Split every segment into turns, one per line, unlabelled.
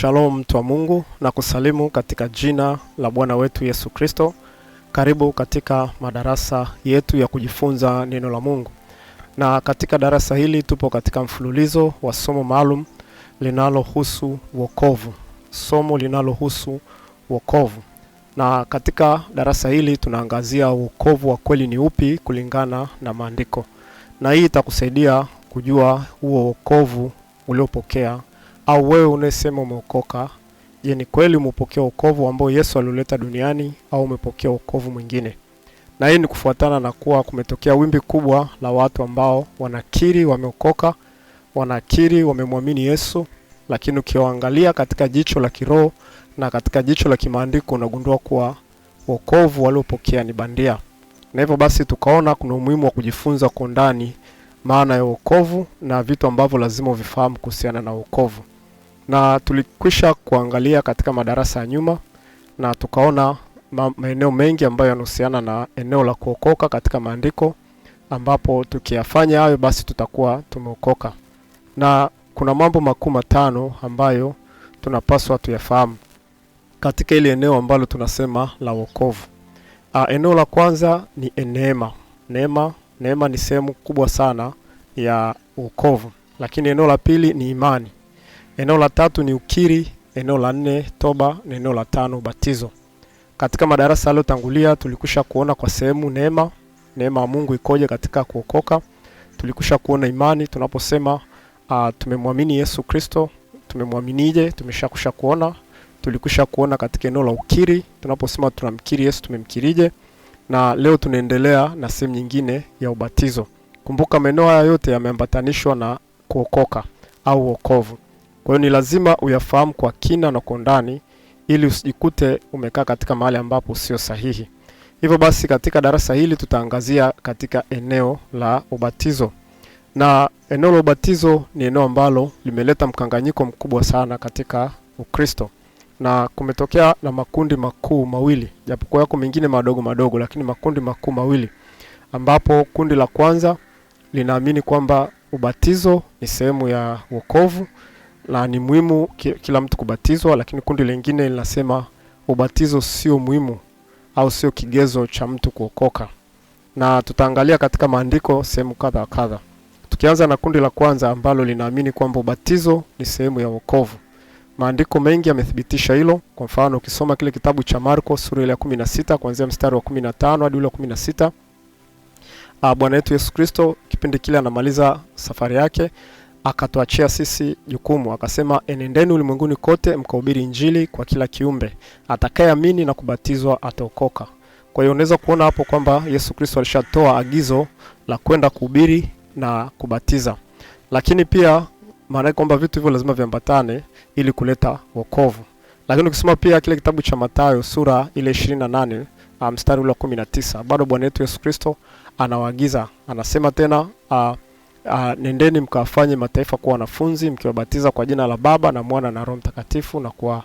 Shalom mtu wa Mungu na kusalimu katika jina la Bwana wetu Yesu Kristo. Karibu katika madarasa yetu ya kujifunza neno la Mungu. Na katika darasa hili tupo katika mfululizo wa somo maalum linalohusu wokovu. Somo linalohusu wokovu. Na katika darasa hili tunaangazia wokovu wa kweli ni upi kulingana na maandiko. Na hii itakusaidia kujua huo wokovu uliopokea au wewe unayesema umeokoka, je, ni kweli umepokea wokovu ambao Yesu aliuleta duniani au umepokea wokovu mwingine? Na hii ni kufuatana na kuwa kumetokea wimbi kubwa la watu ambao wanakiri wameokoka, wanakiri wamemwamini Yesu, lakini ukiwaangalia katika jicho la kiroho na katika jicho la kimaandiko unagundua kuwa wokovu waliopokea ni bandia, na hivyo basi tukaona kuna umuhimu wa kujifunza kwa undani maana ya wokovu na vitu ambavyo lazima uvifahamu kuhusiana na wokovu na tulikwisha kuangalia katika madarasa ya nyuma na tukaona maeneo mengi ambayo yanahusiana na eneo la kuokoka katika maandiko, ambapo tukiyafanya hayo basi tutakuwa tumeokoka. Na kuna mambo makuu matano ambayo tunapaswa tuyafahamu katika ile eneo ambalo tunasema la wokovu. Ah, eneo la kwanza ni neema. Neema, neema ni sehemu kubwa sana ya wokovu, lakini eneo la pili ni imani Eneo la tatu ni ukiri, eneo la nne toba na eneo la tano batizo. Katika madarasa yaliyotangulia tulikusha kuona kwa sehemu neema, neema ya Mungu ikoje katika kuokoka. Tulikusha kuona imani tunaposema uh, tumemwamini Yesu Kristo, tumemwaminije? Tumeshakusha kuona. Tulikusha kuona katika eneo la ukiri tunaposema tunamkiri Yesu, tumemkirije? Na leo tunaendelea na sehemu nyingine ya ubatizo. Kumbuka maeneo haya yote yameambatanishwa na kuokoka au wokovu. Kwa hiyo ni lazima uyafahamu kwa kina na kwa undani ili usijikute umekaa katika mahali ambapo sio sahihi. Hivyo basi katika darasa hili tutaangazia katika eneo la ubatizo, na eneo la ubatizo ni eneo ambalo limeleta mkanganyiko mkubwa sana katika Ukristo na kumetokea na makundi makuu mawili, japokuwa yako mengine madogo madogo, lakini makundi makuu mawili, ambapo kundi la kwanza linaamini kwamba ubatizo ni sehemu ya wokovu la ni muhimu kila mtu kubatizwa, lakini kundi lingine linasema ubatizo sio muhimu au sio kigezo cha mtu kuokoka, na tutaangalia katika maandiko sehemu kadha kadha, tukianza na kundi la kwanza ambalo linaamini kwamba ubatizo ni sehemu ya wokovu. Maandiko mengi yamethibitisha hilo. Kwa mfano, ukisoma kile kitabu cha Marko sura ya 16 kuanzia mstari wa 15 hadi ule wa 16, ah, Bwana wetu Yesu Kristo kipindi kile anamaliza safari yake akatuachia sisi jukumu, akasema, enendeni ulimwenguni kote mkahubiri Injili kwa kila kiumbe, atakayeamini na kubatizwa ataokoka. Kwa hiyo unaweza kuona hapo kwamba Yesu Kristo alishatoa agizo la kwenda kuhubiri na kubatiza, lakini pia maana kwamba vitu hivyo lazima viambatane ili kuleta wokovu. Lakini ukisoma pia kile kitabu cha Mathayo sura ile 28 ah, mstari ule wa 19, bado Bwana wetu Yesu Kristo anawaagiza, anasema tena uh, Uh, nendeni mkawafanye mataifa kuwa wanafunzi mkiwabatiza kwa jina la Baba na Mwana na Roho Mtakatifu na kuwa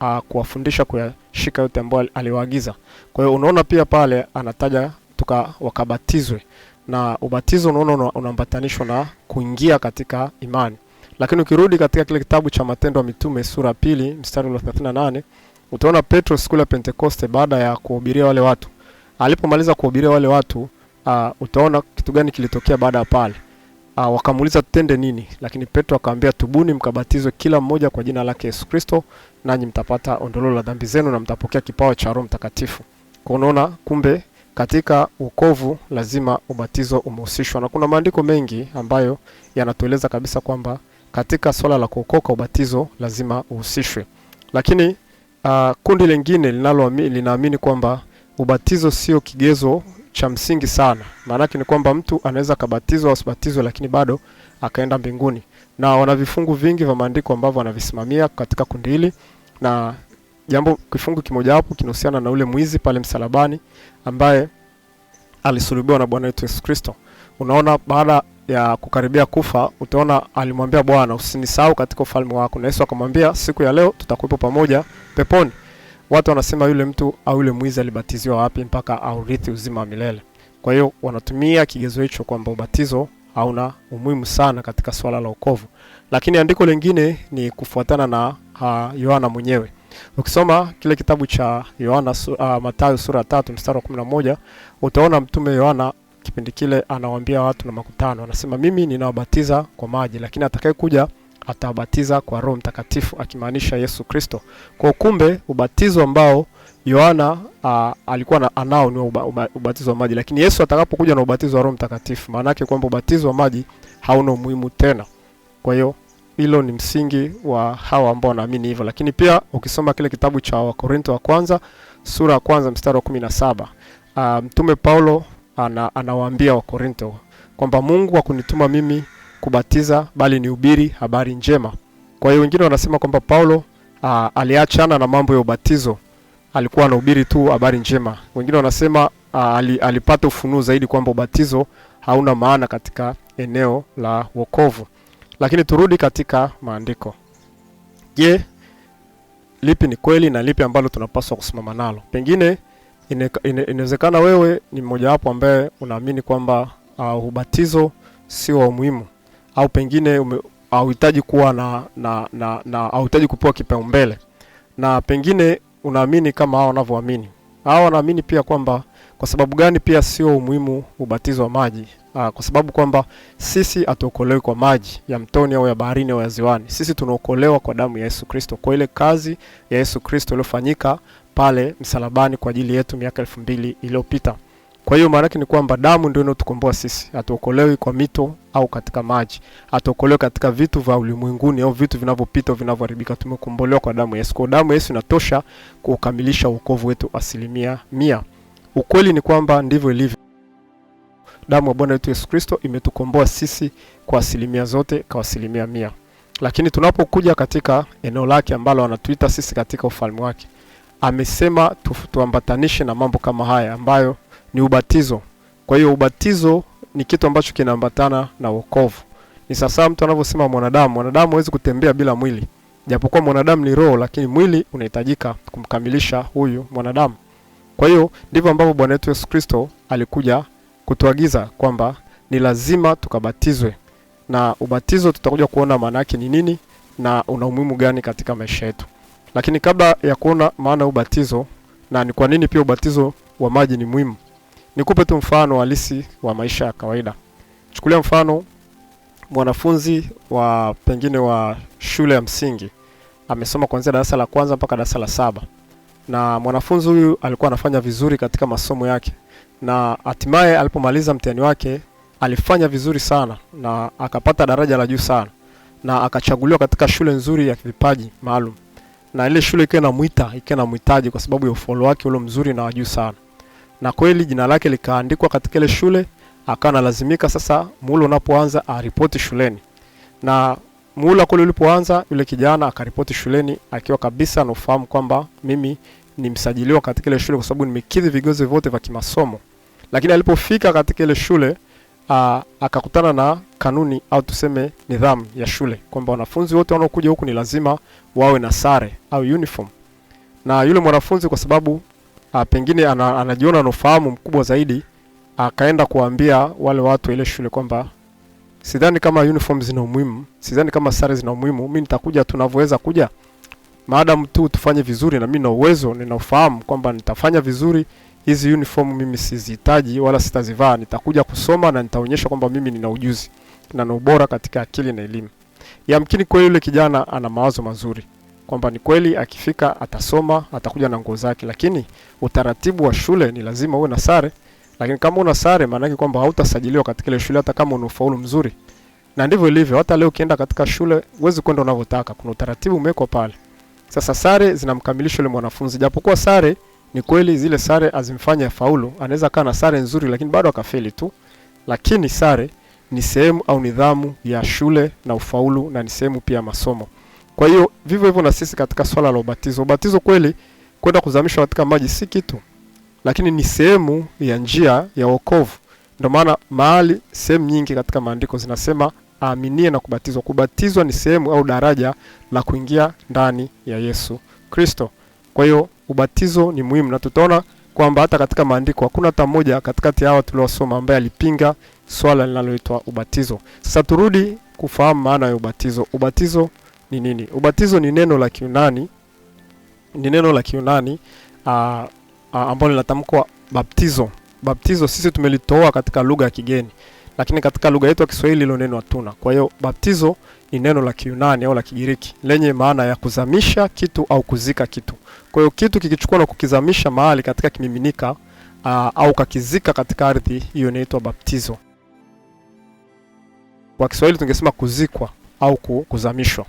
uh, kuwafundisha kuyashika yote ambayo aliwaagiza. Kwa hiyo unaona pia pale anataja tuka wakabatizwe na ubatizo unaona unaambatanishwa na kuingia katika imani. Lakini ukirudi katika kile kitabu cha Matendo ya Mitume sura pili mstari wa 38 utaona Petro siku ya Pentekoste baada ya kuhubiria wale watu. Alipomaliza kuhubiria wale watu, uh, utaona kitu gani kilitokea baada ya pale. Uh, wakamuuliza tutende nini, lakini Petro akamwambia tubuni, mkabatizwe kila mmoja kwa jina lake Yesu Kristo, nanyi mtapata ondoleo la dhambi zenu na mtapokea kipawa cha Roho Mtakatifu. Kwa unaona, kumbe katika wokovu lazima ubatizo umehusishwa, na kuna maandiko mengi ambayo yanatueleza kabisa kwamba katika swala la kuokoka ubatizo lazima uhusishwe. Lakini uh, kundi lingine linaloamini linaamini kwamba ubatizo sio kigezo cha msingi sana. Maanake ni kwamba mtu anaweza akabatizwa usibatizwe, lakini bado akaenda mbinguni, na wana vifungu vingi vya maandiko ambavyo wanavisimamia katika kundi hili, na jambo kifungu hapo kinahusiana na ule mwizi pale msalabani ambaye alisulubiwa na Bwana wetu Yesu Kristo. Unaona, baada ya kukaribia kufa, utaona alimwambia Bwana, usinisahau katika ufalme wako, na Yesu akamwambia, siku ya leo tutakuwepo pamoja peponi. Watu wanasema yule mtu au yule mwizi alibatiziwa wapi mpaka aurithi uzima wa milele. Kwa hiyo wanatumia kigezo hicho kwamba ubatizo hauna umuhimu sana katika swala la wokovu. Lakini andiko lingine ni kufuatana na ah, Yohana mwenyewe. Ukisoma kile kitabu cha Yohana uh, Mathayo sura tatu mstari wa 11 utaona mtume Yohana kipindi kile anawaambia watu na makutano, anasema mimi ninawabatiza kwa maji, lakini atakayekuja atawabatiza kwa Roho Mtakatifu, akimaanisha Yesu Kristo. Kwa kumbe ubatizo ambao Yohana alikuwa anao ni ubatizo wa maji, lakini Yesu atakapokuja na ubatizo wa Roho Mtakatifu, maana yake kwamba ubatizo wa maji hauna umuhimu tena. Kwa hiyo hilo ni msingi wa hawa ambao wanaamini hivyo, lakini pia ukisoma kile kitabu cha Wakorinto wa kwanza sura ya kwanza mstari wa 17 uh, mtume Paulo anawaambia Wakorinto kwamba Mungu kunituma mimi kubatiza, bali ni ubiri habari njema. Kwa hiyo wengine wanasema kwamba Paulo ah, aliachana na mambo ya ubatizo, alikuwa anahubiri tu habari njema. Wengine wanasema a, ah, alipata ufunuo zaidi kwamba ubatizo hauna maana katika eneo la wokovu. Lakini turudi katika maandiko. Je, lipi ni kweli na lipi ambalo tunapaswa kusimama nalo? Pengine inawezekana wewe ni mmojawapo ambaye unaamini kwamba uh, ubatizo sio wa muhimu, au pengine hauhitaji kuwa na na na, na hauhitaji kupewa kipaumbele na pengine unaamini kama hao wanavyoamini. Hao wanaamini pia kwamba kwa sababu gani pia sio umuhimu ubatizo wa maji aa, ah, kwa sababu kwamba sisi hatuokolewi kwa maji ya mtoni au ya baharini au ya ziwani. Sisi tunaokolewa kwa damu ya Yesu Kristo, kwa ile kazi ya Yesu Kristo iliyofanyika pale msalabani kwa ajili yetu miaka elfu mbili iliyopita. Kwa hiyo maana yake ni kwamba damu ndio inayotukomboa sisi, hatuokolewi kwa mito au katika maji, hatuokolewi katika vitu vya ulimwenguni au vitu vinavyopita vinavyoharibika. Tumekombolewa kwa damu Yesu. Kwa damu Yesu inatosha kuukamilisha wokovu wetu asilimia mia. Ukweli ni kwamba ndivyo ilivyo. Damu ya Bwana wetu Yesu Kristo imetukomboa sisi kwa asilimia zote, kwa asilimia mia. Lakini tunapokuja katika eneo lake ambalo anatuita sisi katika ufalme wake, amesema tuambatanishe na mambo kama haya ambayo ni ubatizo. Kwa hiyo ubatizo ni kitu ambacho kinaambatana na wokovu. Ni sasa mtu anavyosema mwanadamu, mwanadamu hawezi kutembea bila mwili. Japokuwa mwanadamu ni roho, lakini mwili unahitajika kumkamilisha huyu mwanadamu. Kwa hiyo ndivyo ambavyo Bwana wetu Yesu Kristo alikuja kutuagiza kwamba ni lazima tukabatizwe, na ubatizo tutakuja kuona maana yake ni nini na una umuhimu gani katika maisha yetu. Lakini kabla ya kuona maana ya ubatizo na ni kwa nini pia ubatizo wa maji ni muhimu, Nikupe tu mfano halisi wa maisha ya kawaida. Chukulia mfano mwanafunzi wa pengine wa shule ya msingi amesoma kuanzia darasa la kwanza mpaka darasa la saba, na mwanafunzi huyu alikuwa anafanya vizuri katika masomo yake, na hatimaye alipomaliza mtihani wake alifanya vizuri sana na akapata daraja la juu sana, na akachaguliwa katika shule nzuri ya vipaji maalum, na ile shule ikiwa inamwita ikiwa inamhitaji kwa sababu ya ufaulu wake ule mzuri na wa juu sana na kweli jina lake likaandikwa katika ile shule, akawa analazimika sasa muhula unapoanza aripoti shuleni. Na muhula kule ulipoanza, yule kijana akaripoti shuleni akiwa kabisa anafahamu kwamba mimi nimsajiliwa katika ile shule kwa sababu nimekidhi vigezo vyote vya kimasomo. Lakini alipofika katika ile shule aa, akakutana na kanuni au tuseme nidhamu ya shule kwamba wanafunzi wote wanaokuja huku ni lazima wawe na sare au uniform. Na yule mwanafunzi kwa sababu a, ah, pengine ana, anajiona na ufahamu mkubwa zaidi, akaenda kuambia wale watu ile shule kwamba sidhani kama uniform zina umuhimu, sidhani kama sare zina umuhimu, mimi nitakuja tunavyoweza kuja, maadamu tu tufanye vizuri, na mimi na uwezo, nina ufahamu kwamba nitafanya vizuri. Hizi uniform mimi sizihitaji wala sitazivaa, nitakuja kusoma na nitaonyesha kwamba mimi nina ujuzi na na ubora katika akili na elimu. Yamkini kwa yule kijana ana mawazo mazuri kwamba ni kweli akifika atasoma, atakuja na nguo zake, lakini utaratibu wa shule ni lazima uwe na sare. Lakini kama una sare, maana yake kwamba hautasajiliwa katika ile shule hata kama una ufaulu mzuri. Na ndivyo ilivyo, hata leo ukienda katika shule huwezi kwenda unavyotaka, kuna utaratibu umewekwa pale. Sasa sare zinamkamilisha yule mwanafunzi, japokuwa sare ni kweli zile sare azimfanye faulu, anaweza kaa na sare nzuri lakini bado akafeli tu. Lakini sare ni sehemu au nidhamu ya shule na ufaulu, na ni sehemu pia masomo. Kwa hiyo vivyo hivyo na sisi katika swala la ubatizo. Ubatizo kweli kwenda kuzamishwa katika maji si kitu, lakini ni sehemu ya njia ya wokovu. Ndio maana mahali sehemu nyingi katika maandiko zinasema aaminie na kubatizwa. Kubatizwa ni sehemu au daraja la kuingia ndani ya Yesu Kristo. Kwa hiyo ubatizo ni muhimu, na tutaona kwamba hata katika maandiko hakuna hata mmoja katikati ya hawa tuliosoma ambaye alipinga swala linaloitwa ubatizo. Sasa turudi kufahamu maana ya ubatizo. Ubatizo ni nini? Ubatizo ni neno la Kiunani, ni neno la Kiunani ah, ah, ambalo linatamkwa baptizo. Baptizo sisi tumelitoa katika lugha ya kigeni, lakini katika lugha yetu ya Kiswahili hilo neno hatuna. Kwa hiyo baptizo ni neno la Kiunani au la Kigiriki lenye maana ya kuzamisha kitu au kuzika kitu. Kwa hiyo kitu kikichukua na kukizamisha mahali katika kimiminika aa, ah, au kakizika katika ardhi, hiyo inaitwa baptizo. Kwa Kiswahili tungesema kuzikwa au kuzamishwa.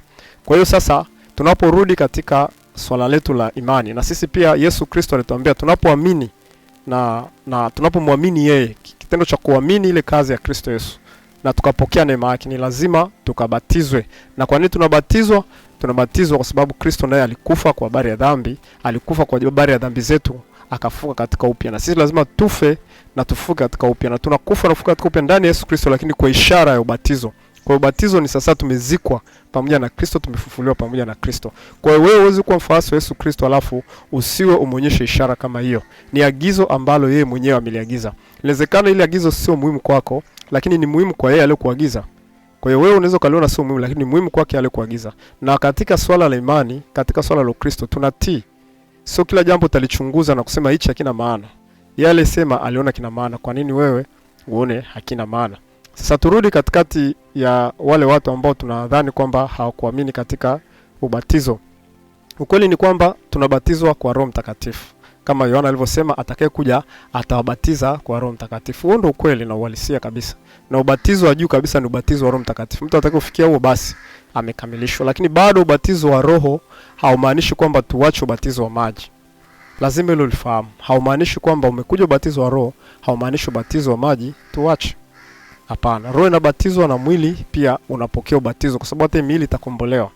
Kwa hiyo sasa tunaporudi katika swala letu la imani, na sisi pia Yesu Kristo alituambia tunapoamini na, na tunapomwamini yeye, kitendo cha kuamini ile kazi ya Kristo Yesu na tukapokea neema yake, ni lazima tukabatizwe. Na kwa nini tunabatizwa? Tunabatizwa kwa sababu Kristo naye alikufa kwa habari ya dhambi, alikufa kwa habari ya dhambi zetu, akafuka katika upya, na sisi lazima tufe na tufuke katika upya, na tunakufa na kufuka katika upya ndani ya Yesu Kristo, lakini kwa ishara ya ubatizo. Kwa ubatizo ni sasa tumezikwa pamoja na Kristo, tumefufuliwa pamoja na Kristo. Kwa hiyo wewe huwezi kuwa mfuasi wa Yesu Kristo alafu usiwe umwonyeshe ishara kama hiyo. Ni agizo ambalo yeye mwenyewe ameliagiza. Inawezekana ile agizo sio muhimu kwako, lakini ni muhimu kwa yeye aliyokuagiza. Kwa hiyo wewe unaweza kaliona sio muhimu, lakini ni muhimu kwake aliyokuagiza. Na katika swala la imani, katika swala la Kristo tunatii. Sio kila jambo utalichunguza na kusema hichi hakina maana. Yeye alisema aliona kina maana. Kwa nini wewe uone hakina maana? Sasa turudi katikati ya wale watu ambao tunadhani kwamba hawakuamini katika ubatizo. Ukweli ni kwamba tunabatizwa kwa Roho Mtakatifu kama Yohana alivyosema, atakayekuja atawabatiza kwa Roho Mtakatifu. Huo ndio ukweli na uhalisia kabisa, na ubatizo wa juu kabisa ni ubatizo wa Roho Mtakatifu. Mtu atakaye huo, basi amekamilishwa. Lakini bado ubatizo wa Roho haumaanishi kwamba tuache ubatizo wa maji. Lazima hilo ulifahamu. Haumaanishi kwamba umekuja ubatizo wa Roho, haumaanishi ubatizo wa maji tuwache. Hapana, roho inabatizwa na mwili pia unapokea ubatizo, kwa sababu hata miili itakombolewa.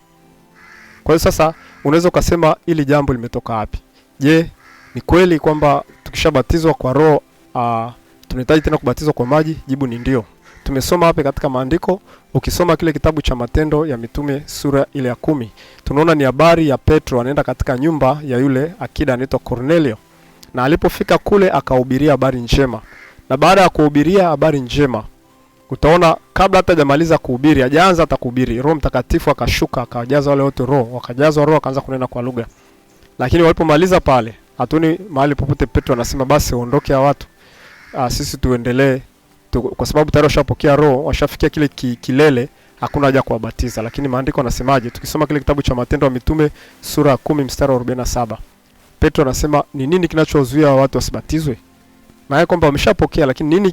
Kwa hiyo sasa unaweza ukasema hili jambo limetoka wapi? Je, ni kweli kwamba tukishabatizwa kwa roho uh, tunahitaji tena kubatizwa kwa maji? Jibu ni ndio. Tumesoma hapa katika maandiko. Ukisoma kile kitabu cha Matendo ya Mitume sura ile ya kumi, tunaona ni habari ya Petro anaenda katika nyumba ya yule akida anaitwa Cornelio, na alipofika kule akahubiria habari njema, na baada ya kuhubiria habari njema utaona kabla hata hajamaliza kuhubiri, hajaanza hata kuhubiri, Roho Mtakatifu akashuka akawajaza wale wote Roho, wakajazwa Roho, akaanza kunena kwa lugha. Lakini walipomaliza pale, hatuni mahali popote Petro anasema basi uondoke hawa watu, ah, sisi tuendelee tu, kwa sababu tayari washapokea Roho, washafikia kile ki, kilele, hakuna haja kuwabatiza. Lakini maandiko anasemaje? Tukisoma kile kitabu cha Matendo ya Mitume sura ya kumi mstari wa 47, Petro anasema ni nini kinachozuia watu wasibatizwe? maana kwamba wameshapokea, lakini nini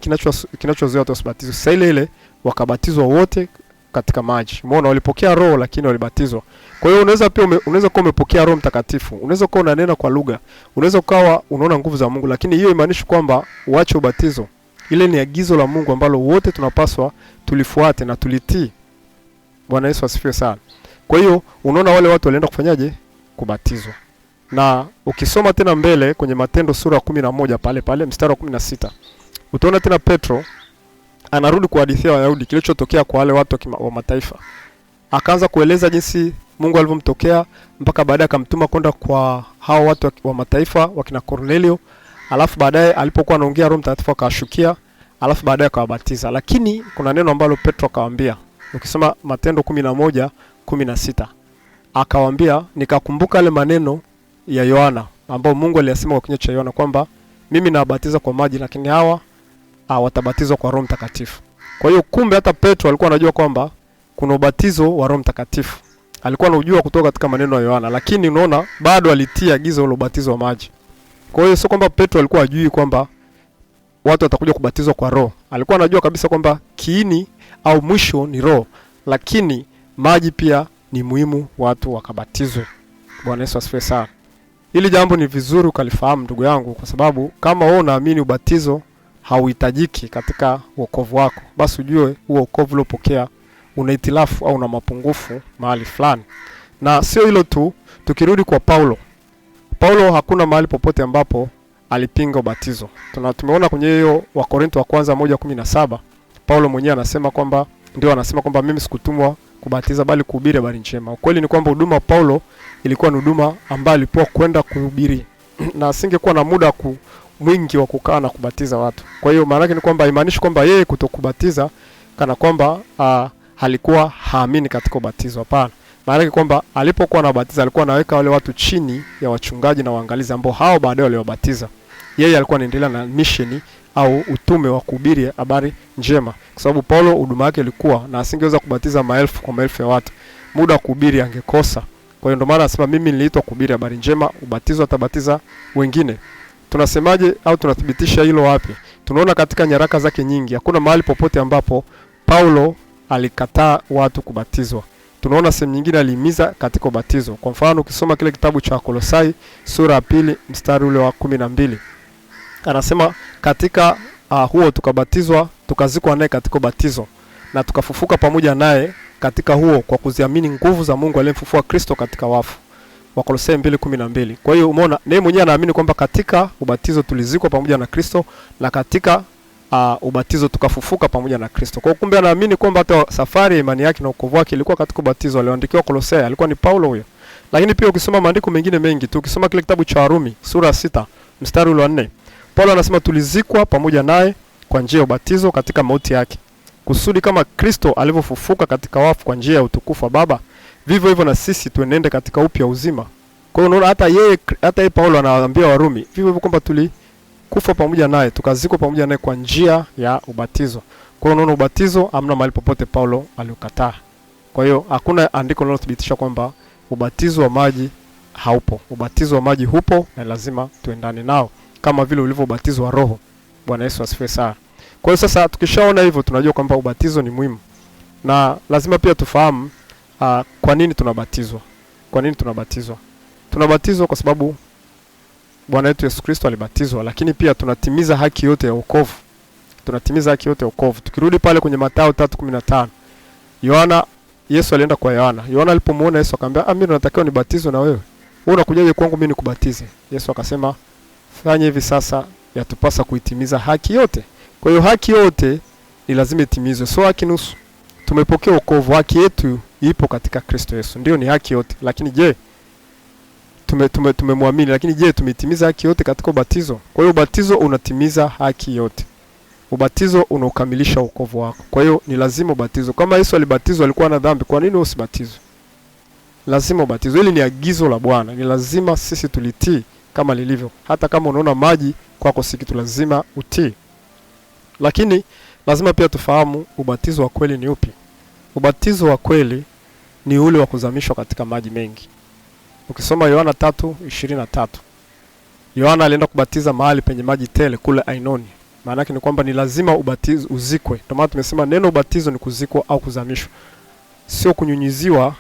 kinachozuia watu wasibatizwe? Sasa ile ile wakabatizwa wote katika maji. Umeona, walipokea roho lakini walibatizwa. Kwa hiyo unaweza pia ume, unaweza kuwa umepokea Roho Mtakatifu, unaweza kuwa unanena kwa lugha, unaweza ukawa unaona nguvu za Mungu, lakini hiyo imaanishi kwamba uache ubatizo. Ile ni agizo la Mungu ambalo wote tunapaswa tulifuate na tulitii. Bwana Yesu asifiwe sana. Kwa hiyo unaona wale watu walienda kufanyaje? Kubatizwa na ukisoma tena mbele kwenye Matendo sura ya kumi na moja pale pale mstari wa kumi na sita utaona tena Petro anarudi kuhadithia Wayahudi kilichotokea kwa wale watu wa mataifa. Akaanza kueleza jinsi Mungu alivyomtokea mpaka baadaye akamtuma kwenda kwa hao watu wa mataifa wakina Cornelio, alafu baadaye alipokuwa anaongea Roho Mtakatifu akawashukia, alafu baadaye akawabatiza. Lakini kuna neno ambalo Petro akawaambia, ukisoma Matendo kumi na moja kumi na sita akawaambia, nikakumbuka yale maneno ya Yohana ambao Mungu aliyasema kwa kinywa cha Yohana kwamba mimi nawabatiza kwa maji, lakini hawa ah, watabatizwa kwa Roho Mtakatifu. Kwa hiyo kumbe hata Petro alikuwa anajua kwamba kuna ubatizo wa Roho Mtakatifu. Alikuwa anajua kutoka katika maneno ya Yohana, lakini unaona bado alitia agizo la ubatizo wa maji. Kwa hiyo sio kwamba Petro alikuwa ajui kwamba watu watakuja kubatizwa kwa Roho. Alikuwa anajua kabisa kwamba kiini au mwisho ni Roho, lakini maji pia ni muhimu watu wakabatizwe. Bwana Yesu asifiwe sana. Hili jambo ni vizuri ukalifahamu ndugu yangu, kwa sababu kama wewe unaamini ubatizo hauhitajiki katika wokovu wako, basi ujue huo wokovu uliopokea una itilafu au una mapungufu mahali fulani. Na sio hilo tu, tukirudi kwa Paulo, Paulo hakuna mahali popote ambapo alipinga ubatizo. tumeona kwenye hiyo wakorinto wa kwanza moja kumi na saba Paulo mwenyewe anasema kwamba ndio, anasema kwamba mimi sikutumwa kubatiza, bali kuhubiri habari njema. Ukweli ni kwamba huduma ya Paulo ilikuwa ni huduma ambayo alipewa kwenda kuhubiri na asingekuwa na muda ku, mwingi wa kukaa na kubatiza watu. Kwa hiyo maana yake ni kwamba haimaanishi kwamba yeye kutokubatiza kana kwamba uh, alikuwa haamini katika ubatizo. Hapana, maana yake kwamba alipokuwa anabatiza alikuwa anaweka wale watu chini ya wachungaji na waangalizi ambao hao baadaye waliwabatiza. Yeye alikuwa anaendelea na misheni au utume wa kuhubiri habari njema, kwa sababu Paulo huduma yake ilikuwa na asingeweza kubatiza maelfu kwa maelfu ya watu, muda wa kuhubiri angekosa. Kwa hiyo ndio maana anasema mimi niliitwa kuhubiri habari njema, ubatizo atabatiza wengine. Tunasemaje au tunathibitisha hilo wapi? Tunaona katika nyaraka zake nyingi, hakuna mahali popote ambapo Paulo alikataa watu kubatizwa. Tunaona sehemu nyingine alihimiza katika ubatizo. Kwa mfano, ukisoma kile kitabu cha Kolosai sura ya pili mstari ule wa kumi na mbili anasema katika uh, huo tukabatizwa, tukazikwa naye katika ubatizo na tukafufuka pamoja naye katika huo kwa kuziamini nguvu za Mungu aliyemfufua Kristo katika wafu. Wakolosai 2:12. Kwa hiyo umeona naye mwenyewe anaamini kwamba katika ubatizo tulizikwa pamoja na Kristo na katika uh, ubatizo tukafufuka pamoja na Kristo. Kwa hiyo kumbe anaamini kwamba hata safari ya imani yake na wokovu wake ilikuwa katika ubatizo alioandikiwa Kolosai, alikuwa ni Paulo huyo. Lakini pia ukisoma maandiko mengine mengi tu, ukisoma kile kitabu cha Warumi sura sita mstari wa 4 Paulo anasema tulizikwa pamoja naye kwa njia ya ubatizo katika mauti yake, kusudi kama Kristo alivyofufuka katika wafu kwa njia ya utukufu wa Baba, vivyo hivyo na sisi tuenende katika upya uzima. Kwa hiyo unaona hata yeye hata yeye Paulo anawaambia Warumi vivyo hivyo kwamba tulikufa pamoja naye tukazikwa pamoja naye kwa njia ya ubatizo. Kwa hiyo unaona ubatizo amna mahali popote Paulo aliukataa. Kwa hiyo hakuna andiko linalothibitisha kwamba ubatizo wa maji haupo. Ubatizo wa maji hupo na lazima tuendane nao kama vile ulivyobatizwa roho. Bwana Yesu asifiwe sana. Kwa hiyo sasa tukishaona hivyo tunajua kwamba ubatizo ni muhimu. Na lazima pia tufahamu uh, kwa nini tunabatizwa? Kwa nini tunabatizwa? Tunabatizwa kwa sababu Bwana wetu Yesu Kristo alibatizwa, lakini pia tunatimiza haki yote ya wokovu. Tunatimiza haki yote ya wokovu. Tukirudi pale kwenye Mathayo 3:15. Yohana Yesu alienda kwa Yohana. Yohana alipomuona Yesu akamwambia, "Ah, mimi natakiwa nibatizwe na wewe. Wewe unakujaje kwangu mimi nikubatize?" Yesu akasema, tunayofanya hivi sasa yatupasa kuitimiza haki yote. Kwa hiyo haki yote ni lazima itimizwe, sio haki nusu. Tumepokea wokovu, haki yetu ipo katika Kristo Yesu, ndio ni haki yote. Lakini je, tumemwamini tume, tume, lakini je, tumetimiza haki yote katika ubatizo? Kwa hiyo ubatizo unatimiza haki yote, ubatizo unaukamilisha wokovu wako. Kwa hiyo ni lazima ubatizo. Kama Yesu alibatizwa alikuwa na dhambi, kwa nini usibatizwe? Lazima ubatizwe. Hili ni agizo la Bwana, ni lazima sisi tulitii kama lilivyo. Hata kama unaona maji kwako si kitu, lazima utii. Lakini lazima pia tufahamu ubatizo wa kweli ni upi. Ubatizo wa kweli ni ule wa kuzamishwa katika maji mengi. Ukisoma Yohana 3:23 Yohana alienda kubatiza mahali penye maji tele kule Ainoni. Maana yake ni kwamba ni lazima ubatizo uzikwe. Ndio maana tumesema neno ubatizo ni kuzikwa au kuzamishwa, sio kunyunyiziwa,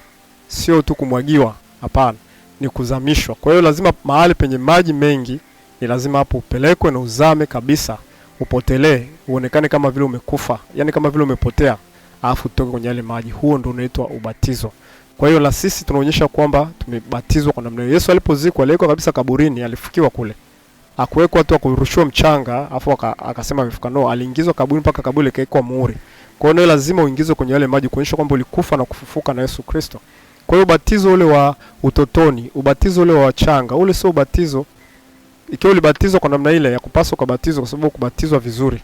sio tu kumwagiwa. Hapana ni kuzamishwa. Kwa hiyo lazima mahali penye maji mengi ni lazima hapo upelekwe na uzame kabisa, upotelee, uonekane kama vile umekufa, yani kama vile umepotea, alafu utoke kwenye yale maji. Huo ndio unaitwa ubatizo. Kwa hiyo la sisi tunaonyesha kwamba tumebatizwa kwa namna hiyo. Yesu alipozikwa aliwekwa kabisa kaburini, alifukiwa kule, akuwekwa tu akurushiwa mchanga afu akasema amefuka. No, aliingizwa kaburini mpaka kaburi likawekwa muhuri. Kwa hiyo lazima uingizwe kwenye yale maji kuonyesha kwamba ulikufa na kufufuka na Yesu Kristo. Kwa hiyo ubatizo ule wa utotoni, ubatizo ule wa wachanga, ule sio ubatizo. Ikiwa ulibatizwa kwa namna ile ya kupaswa kwa batizo, kwa sababu kubatizwa vizuri.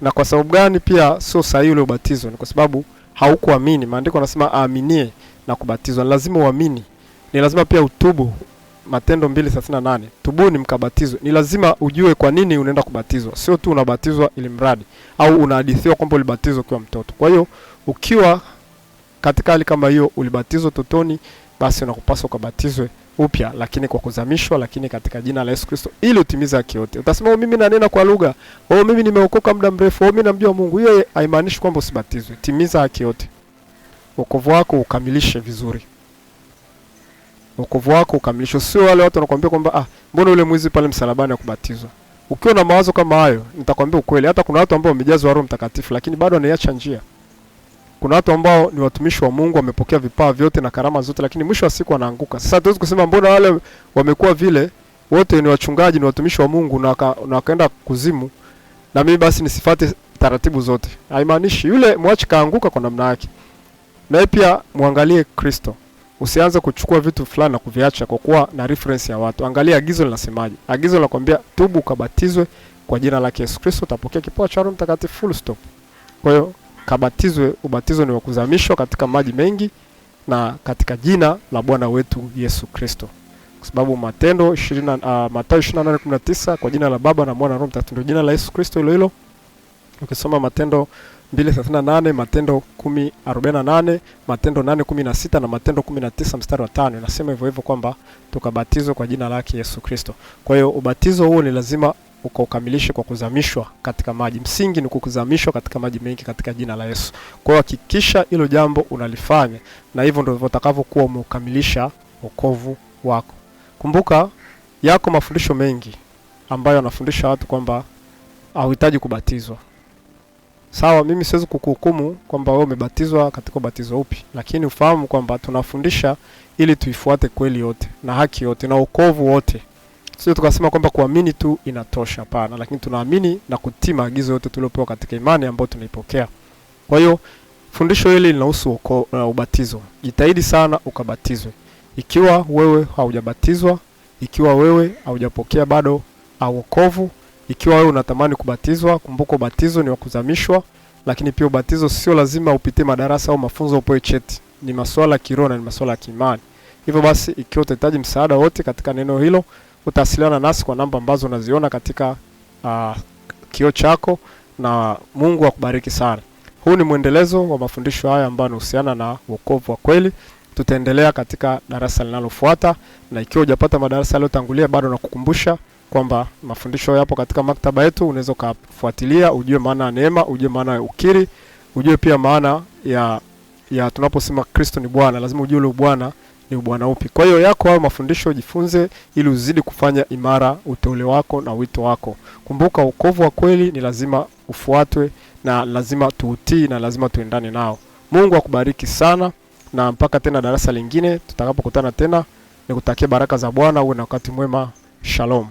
Na kwa sababu gani pia sio sahihi ule ubatizo? Ni kwa sababu haukuamini. Maandiko yanasema aaminie na kubatizwa, ni lazima uamini, ni lazima pia utubu. Matendo 2:38 tubuni mkabatizwe. Ni lazima ujue kwa nini unaenda kubatizwa, sio tu unabatizwa ili mradi, au unahadithiwa kwamba ulibatizwa ukiwa mtoto. Kwa hiyo ukiwa katika hali kama hiyo, ulibatizwa utotoni, basi unakupaswa ukabatizwe upya, lakini kwa kuzamishwa, lakini katika jina la Yesu Kristo, ili utimize haki yote. Utasema oh, mimi nanena kwa lugha, oh, mimi nimeokoka muda mrefu, oh, mimi namjua Mungu. Hiyo haimaanishi kwamba usibatizwe. Timiza haki yote, wokovu wako ukamilishe vizuri wokovu wako ukamilisho. Sio wale watu wanakuambia kwamba ah, mbona ule mwizi pale msalabani akubatizwa. Ukiwa na mawazo kama hayo, nitakwambia ukweli, hata kuna watu ambao wamejazwa Roho Mtakatifu lakini bado wanaiacha njia. Kuna watu ambao ni watumishi wa Mungu wamepokea vipawa vyote na karama zote, lakini mwisho wa siku wanaanguka. Sasa tuwezi kusema mbona wale wamekuwa vile wote ni wachungaji, ni watumishi wa Mungu na waka, wakaenda kuzimu, na mimi basi nisifate taratibu zote. Haimaanishi yule mwachi kaanguka kwa namna yake. Na pia muangalie Kristo, usianze kuchukua vitu fulani na kuviacha kwa kuwa na reference ya watu. Angalia agizo linasemaje. Agizo linakwambia tubu, ukabatizwe kwa jina la Yesu Kristo, utapokea kipawa cha Roho Mtakatifu, full stop. Kwa hiyo kabatizwe. Ubatizo ni wa kuzamishwa katika maji mengi na katika jina la Bwana wetu Yesu Kristo, kwa sababu Matendo 20 uh, ah, Mathayo 28:19 kwa jina la Baba na Mwana na Roho Mtakatifu, jina la Yesu Kristo hilo hilo. Ukisoma Matendo 2:38, Matendo 10:48, Matendo 8:16 na Matendo 19 mstari wa 5 inasema hivyo hivyo kwamba tukabatizwe kwa jina lake Yesu Kristo. Kwa hiyo ubatizo huo ni lazima ukaukamilishe kwa kuzamishwa katika maji. Msingi ni kukuzamishwa katika maji mengi katika jina la Yesu. Kwa hiyo hakikisha hilo jambo unalifanya, na hivyo ndivyo utakavyokuwa umeukamilisha wokovu wako. Kumbuka yako mafundisho mengi ambayo anafundisha watu kwamba hauhitaji kubatizwa. Sawa, mimi siwezi kukuhukumu kwamba wewe umebatizwa katika ubatizo upi, lakini ufahamu kwamba tunafundisha ili tuifuate kweli yote na haki yote na wokovu wote Sio tukasema kwamba kuamini tu inatosha, hapana, lakini tunaamini na kutii maagizo yote tuliopewa katika imani ambayo tunaipokea. Kwa hiyo fundisho hili linahusu uh, ubatizo. Jitahidi sana ukabatizwe. Ikiwa wewe haujabatizwa, ikiwa wewe haujapokea bado uh, wokovu, ikiwa wewe unatamani kubatizwa, kumbuka ubatizo ni wa kuzamishwa, lakini pia ubatizo sio lazima upitie madarasa au mafunzo, upoe cheti. Ni masuala ya kiroho na ni masuala ya kiimani. Hivyo basi, ikiwa utahitaji msaada wote katika neno hilo utawasiliana nasi kwa namba ambazo unaziona katika uh, kioo chako, na Mungu akubariki sana. Huu ni mwendelezo wa mafundisho haya ambayo yanahusiana na wokovu wa kweli. Tutaendelea katika darasa linalofuata, na ikiwa hujapata madarasa yaliyotangulia, bado nakukumbusha kwamba mafundisho yapo katika maktaba yetu. Unaweza ukafuatilia, ujue maana ya neema, ujue maana ya ukiri, ujue pia maana ya ya tunaposema Kristo ni Bwana, lazima ujue ule Bwana ni ubwana upi. Kwa hiyo yako hayo mafundisho ujifunze ili uzidi kufanya imara uteule wako na wito wako. Kumbuka, wokovu wa kweli ni lazima ufuatwe na lazima tuutii na lazima tuendane nao. Mungu akubariki sana, na mpaka tena darasa lingine tutakapokutana tena, nikutakia baraka za Bwana, uwe na wakati mwema. Shalom.